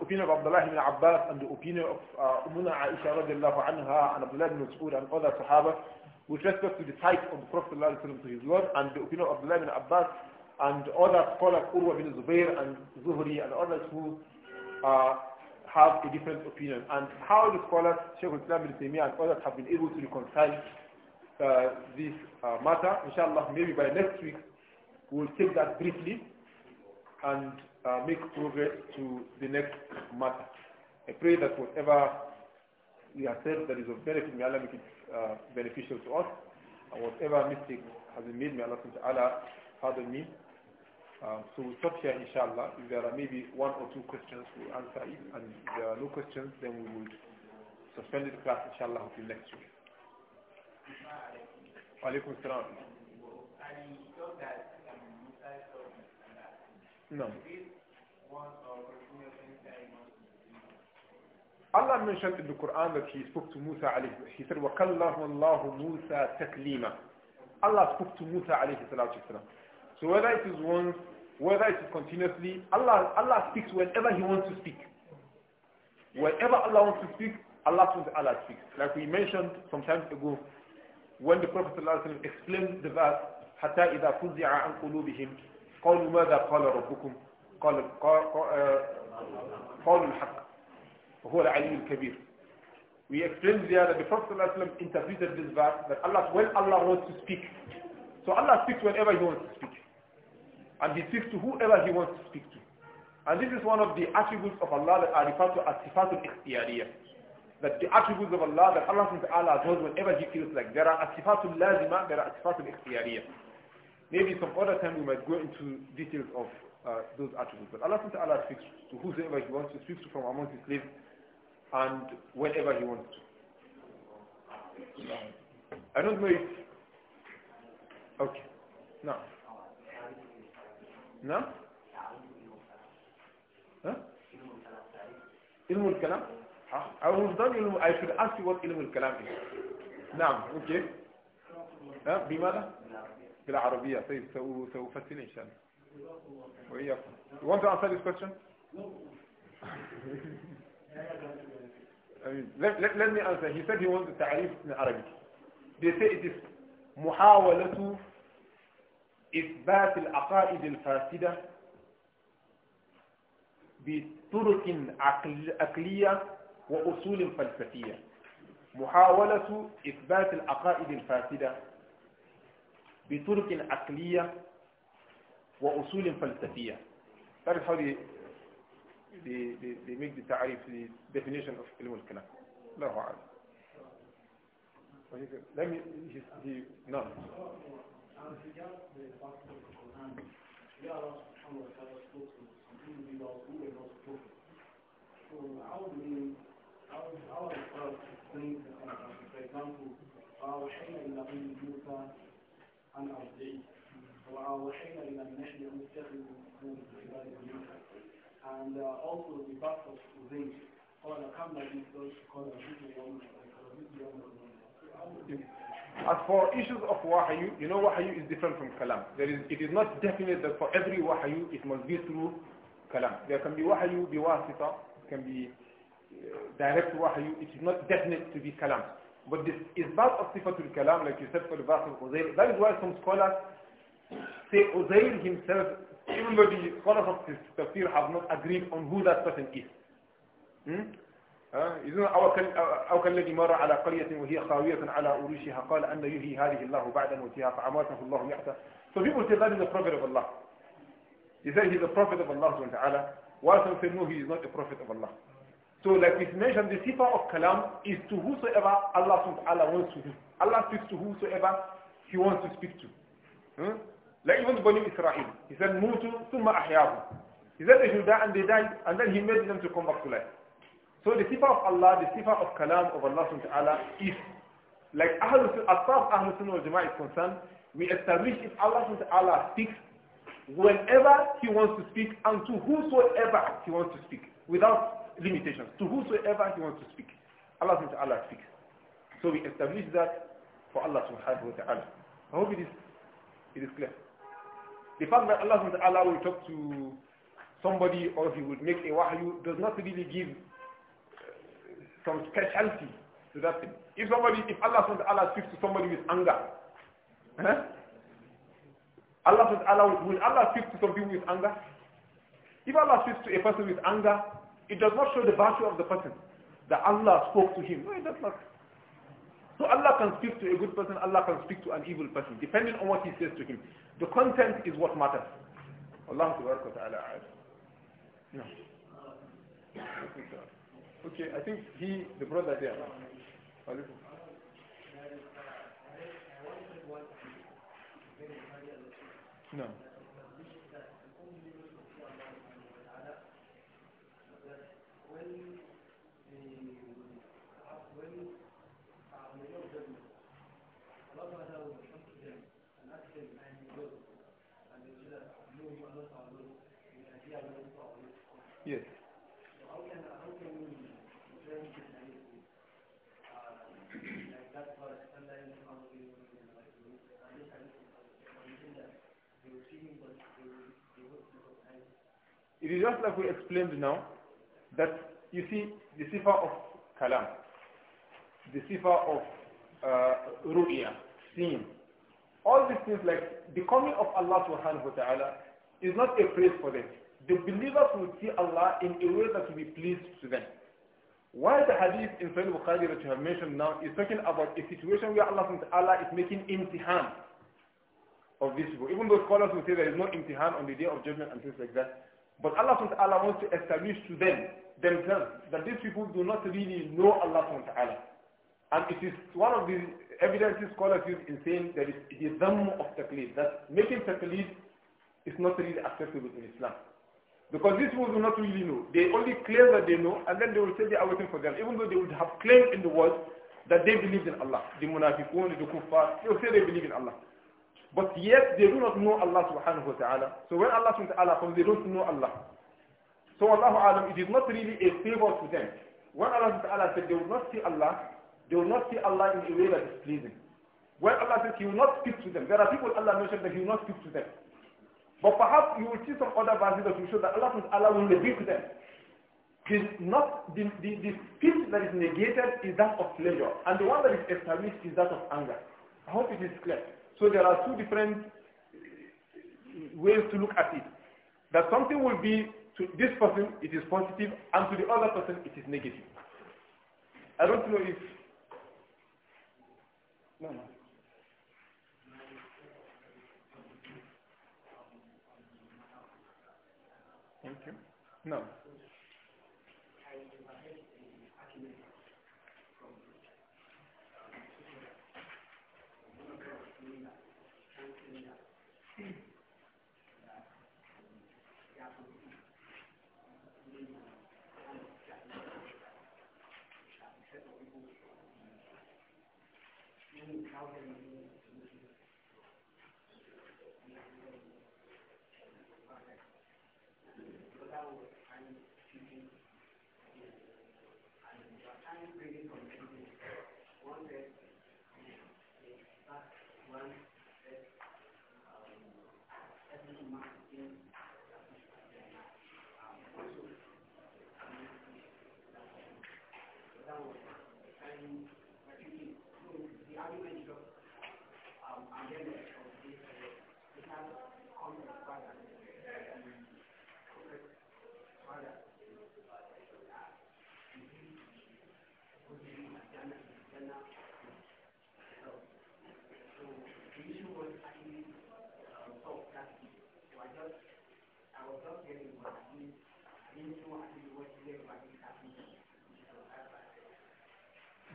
opinion of Abdullah ibn Abbas and the opinion of uh, Umuna Aisha radiallahu anha and Abdullah ibn Mas'ud and other Sahaba with respect to the type of the Prophet to his Lord and the opinion of Abdullah ibn Abbas and other scholars Urwa Zubair and Zuhri and others who uh, have a different opinion and how the scholars Sheikh Islam Ibn Taymiyyah and others have been able to reconcile uh, this uh, matter. Inshallah, maybe by next week we'll take that briefly and uh, make progress to the next matter. I pray that whatever we have said that is of benefit, may Allah make it uh, beneficial to us. And whatever mistake has been made, may Allah subhanahu pardon me. Um, so we'll stop here inshallah. If there are maybe one or two questions, we'll answer it. And if there are no questions, then we will suspend the class inshallah until next week. Wa salam. No. Allah mentioned in the Quran that he spoke to Musa He said, وَكَلَّهُ اللَّهُ مُوسَى تَكْلِيمًا Allah spoke to Musa alayhi So whether it is once, whether it is continuously, Allah, Allah speaks whenever he wants to speak. Whenever Allah wants to speak, Allah wants Allah speaks. Like we mentioned some time ago, when the Prophet explained the verse, حَتَّى إِذَا فُزِّعَ عَنْ قُلُوبِهِمْ قالوا ماذا قال ربكم قال قالوا الحق وهو العلي الكبير we explained there that the Prophet ﷺ interpreted this verse that Allah, when Allah wants to speak. So Allah speaks whenever He wants to speak. And He speaks to whoever He wants to speak to. And this is one of the attributes of Allah that are referred to as sifatul ikhtiyariya. That the attributes of Allah that Allah subhanahu does whenever He feels like. There are sifatul lazima, there are sifatul ikhtiyariya. Maybe some other time we might go into details of uh, those attributes. But Allah Ta'ala speaks to whosoever He wants to, speaks to from amongst His slaves, and whenever He wants to. I don't know if... Okay. No. No. Huh? Ilm al-Kalam? Ah, I would not ilm, I should ask you what ilm al-Kalam is. Now, okay. Huh? Bimada? في العربية طيب سأفسر إن شاء الله وإياكم You want to answer this question? (laughs) let, let, let me answer. He said he wants the تعريف in Arabic. They say it is محاولة إثبات العقائد الفاسدة بطرق عقلية وأصول فلسفية محاولة إثبات العقائد الفاسدة بطرق عقلية وأصول فلسفية تعرف هذه دي دي تعريف دي definition of علم الكلام لا هو عارف لم دي نعم Our our our things are for example عن من and uh, also the back of rain قال كم قال As for issues of wahayu, you know wahayu is different from kalam. There is, it is not definite that for every wahayu it must be through kalam. There can be wahayu biwasita, it can be uh, direct wahayu. It is not definite to be kalam. But this is part of Sifatul Kalam, like you said for the verse of Uzair. That is why some scholars say Uzair himself, even though the scholars of Tafsir have not agreed on who that person is. Hmm? إذن أو كالذي مر على قرية وهي خاوية على أروشها قال أن يهي هذه الله بعد موتها فأماته الله مئة So people say that is the prophet of Allah. He said he is a prophet of Allah Why some say no, he is not a prophet of Allah. So like we mentioned, the sifa of kalam is to whosoever Allah subhanahu wa ta'ala wants to Allah speaks to whosoever he wants to speak to. Hmm? Like even the Bani Israel. He said, Mutu summa ahyahu. He said they should die and they died and then he made them to come back to life. So the sifa of Allah, the sifa of kalam of Allah subhanahu wa ta'ala is like Ahlul, as far as Ahlul Sunnah wal Jama'ah is concerned, we establish if Allah subhanahu wa ta'ala speaks whenever he wants to speak and to whosoever he wants to speak without limitations to whosoever he wants to speak. Allah subhanahu wa ta'ala speaks. So we establish that for Allah subhanahu wa ta'ala. I hope it is, it is clear. The fact that Allah subhanahu wa ta'ala will talk to somebody or he will make a wahyu does not really give uh, some specialty to that thing. If somebody, if Allah subhanahu wa ta'ala speaks to somebody with anger, huh? Allah subhanahu wa ta'ala will Allah speak to some people with anger? If Allah speaks to a person with anger, it does not show the virtue of the person that Allah spoke to him. No, it does not. So Allah can speak to a good person, Allah can speak to an evil person, depending on what he says to him. The content is what matters. Allah ta'ala no. Okay, I think he, the brother there. No. It is just like we explained now that you see the sifa of kalam, the sifa of uh, ru'ya, seeing. All these things like the coming of Allah subhanahu wa ta'ala is not a praise for them. The believers will see Allah in a way that will be pleased to them. While the hadith in Sahih Bukhari that you have mentioned now is talking about a situation where Allah subhanahu wa ta'ala is making imtihan of this people. Even though scholars will say there is no imtihan on the day of judgment and things like that. But Allah SWT wants to establish to them, themselves, that these people do not really know Allah SWT. And it is one of the evidences scholars use in saying that it is the dhamm of taqlid, that making taqlid is not really acceptable in Islam. Because these people do not really know. They only claim that they know, and then they will say they are waiting for them, even though they would have claimed in the world that they believe in Allah. The munafiqun, the kuffar, they will say they believe in Allah. But yet they do not know Allah subhanahu wa ta'ala. So when Allah subhanahu wa ta'ala comes, they don't know Allah. So Allah alam, it is not really a favor to them. When Allah subhanahu wa ta'ala said they will not see Allah, they will not see Allah in a way that is pleasing. When Allah says He will not speak to them, there are people Allah mentioned that He will not speak to them. But perhaps you will see some other verses that will show that Allah subhanahu wa ta'ala will rebuke them. His not the, the, the speech that is negated is that of pleasure, and the one that is established is that of anger. I hope it is clear. So there are two different ways to look at it. That something will be to this person it is positive and to the other person it is negative. I don't know if no. no. Thank you. No. and how they're going to do it.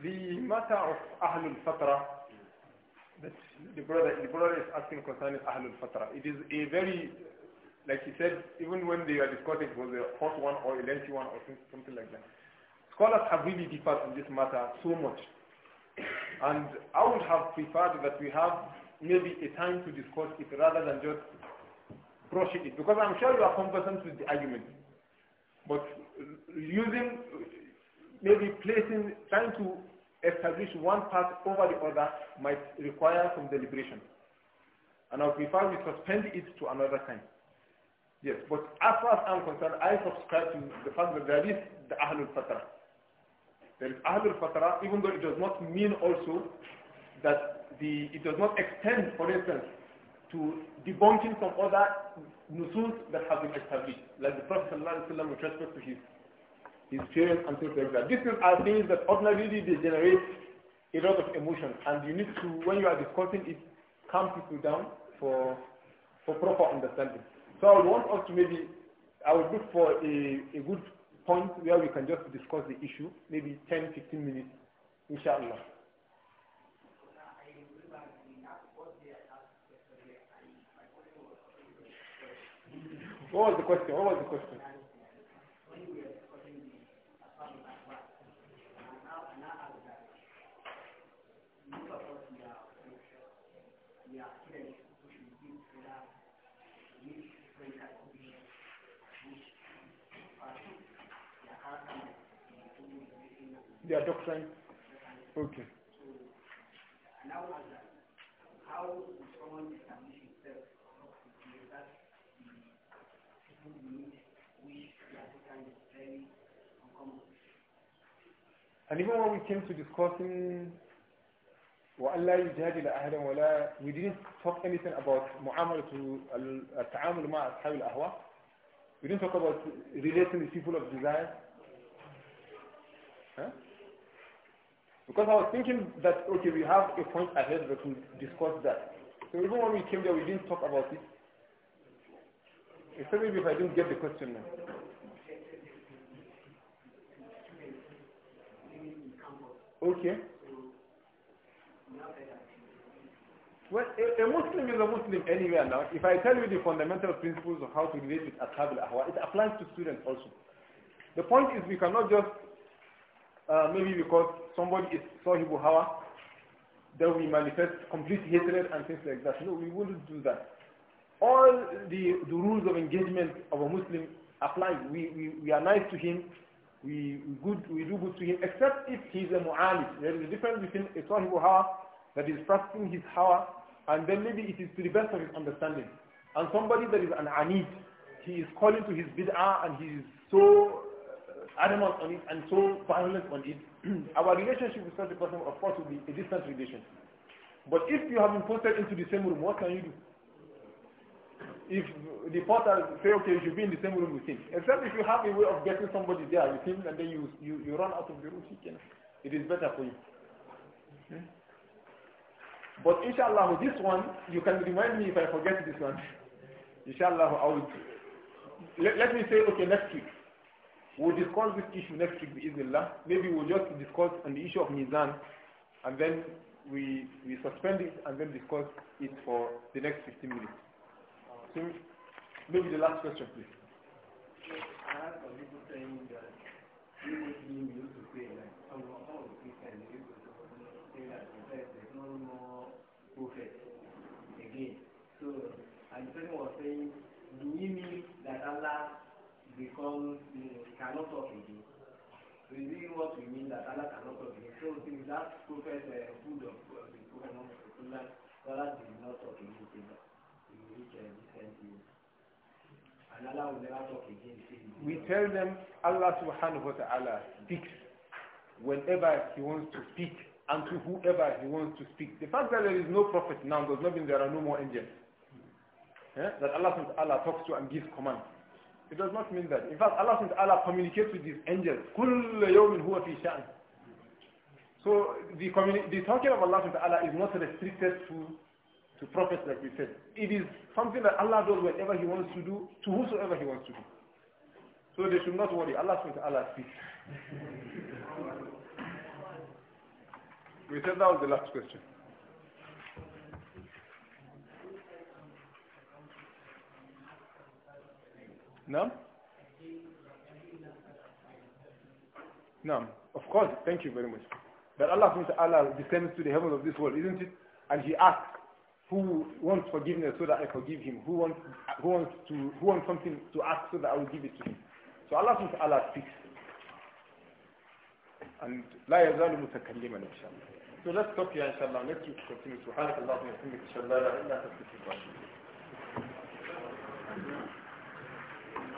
The matter of Ahlul Fatra that the brother, the brother is asking concerning Ahlul Fatra. It is a very, like he said, even when they are discussing it was a hot one or a lengthy one or something like that. Scholars have really differed on this matter so much. And I would have preferred that we have maybe a time to discuss it rather than just brushing it. Because I'm sure you are conversant with the argument. But using, maybe placing, trying to establish one part over the other might require some deliberation. And I would prefer we suspend it to another time. Yes, but as far as I'm concerned, I subscribe to the fact that there is the Ahlul Fatra. There is Ahlul Fatra, even though it does not mean also that the, it does not extend, for instance, to debunking some other nusus that have been established, like the Prophet ﷺ with respect to his his parents and things like that. These things are things that ordinarily they generate a lot of emotion and you need to, when you are discussing it, calm people down for, for proper understanding. So I would want us to maybe, I would look for a, a good point where we can just discuss the issue, maybe 10, 15 minutes, inshallah. What was the question? What was the question? their doctrine? Okay. Now, how someone himself that people And even when we came to discussing وألا يجادل أحدا ولا we didn't talk anything about معاملة التعامل مع أصحاب الأهواء we didn't talk about relating the people of desire huh? Because I was thinking that, okay, we have a point ahead that we discuss that. So even when we came there, we didn't talk about it. Except maybe if I didn't get the question now. Okay. Well, a, a, Muslim is a Muslim anywhere now. If I tell you the fundamental principles of how to relate with Ashab al-Ahwa, it applies to students also. The point is we cannot just uh, maybe because somebody is sahibu hawa, then we manifest complete hatred and things like that. No, we wouldn't do that. All the, the rules of engagement of a Muslim apply. We, we, we are nice to him, we, we, good, we do good to him, except if he's a mu'alif. There is a difference between a sahibu hawa that is practicing his hawa, and then maybe it is to the best of his understanding. And somebody that is an anid, he is calling to his bid'ah and he is so adamant on it and so violent on it, (clears throat) our relationship with such a person, of course, will be a distant relationship. But if you have been posted into the same room, what can you do? If the porter say, okay, you should be in the same room with him, except if you have a way of getting somebody there with him, and then you you, you run out of the room, it is better for you. Hmm? But inshallah, this one, you can remind me if I forget this one. (laughs) Inshallah, I will. Let, let me say, okay, next week. We'll discuss this issue next week, Bismillah. Maybe we'll just discuss on the issue of Mizan, and then we, we suspend it and then discuss it for the next 15 minutes. So maybe the last question, please. Again, so, and the person was saying, do you mean that Allah becomes, you cannot talk again. So is it what we mean that Allah cannot talk again? So since that prophet, uh, food of the prophet Muhammad, Allah did not talk anything. till he reached uh, this end And Allah will never talk again We tell them Allah subhanahu wa ta'ala speaks whenever he wants to speak and to whoever he wants to speak. The fact that there is no prophet now does not mean there are no more angels. Yeah? That Allah, Allah talks to and gives commands. It does not mean that. In fact, Allah says Allah communicates with these angels. كُلَّ يَوْمٍ هُوَ فِي شَأْنٍ So the, the talking of Allah subhanahu is not restricted to, to prophets like we said. It is something that Allah does whatever he wants to do, to whosoever he wants to do. So they should not worry. Allah subhanahu speaks. (laughs) we said that was the last question. No? No. Of course. Thank you very much. That Allah SWT descends to the heavens of this world, isn't it? And He asks, who wants forgiveness so that I forgive him? Who wants, who wants, to, who wants something to ask so that I will give it to him? So Allah subhanahu wa ta'ala speaks. And لا يزال متكلما إن شاء الله. So let's stop here إن شاء الله. Let's continue. سبحانك اللهم وبحمدك إن شاء الله لا إله إلا أنت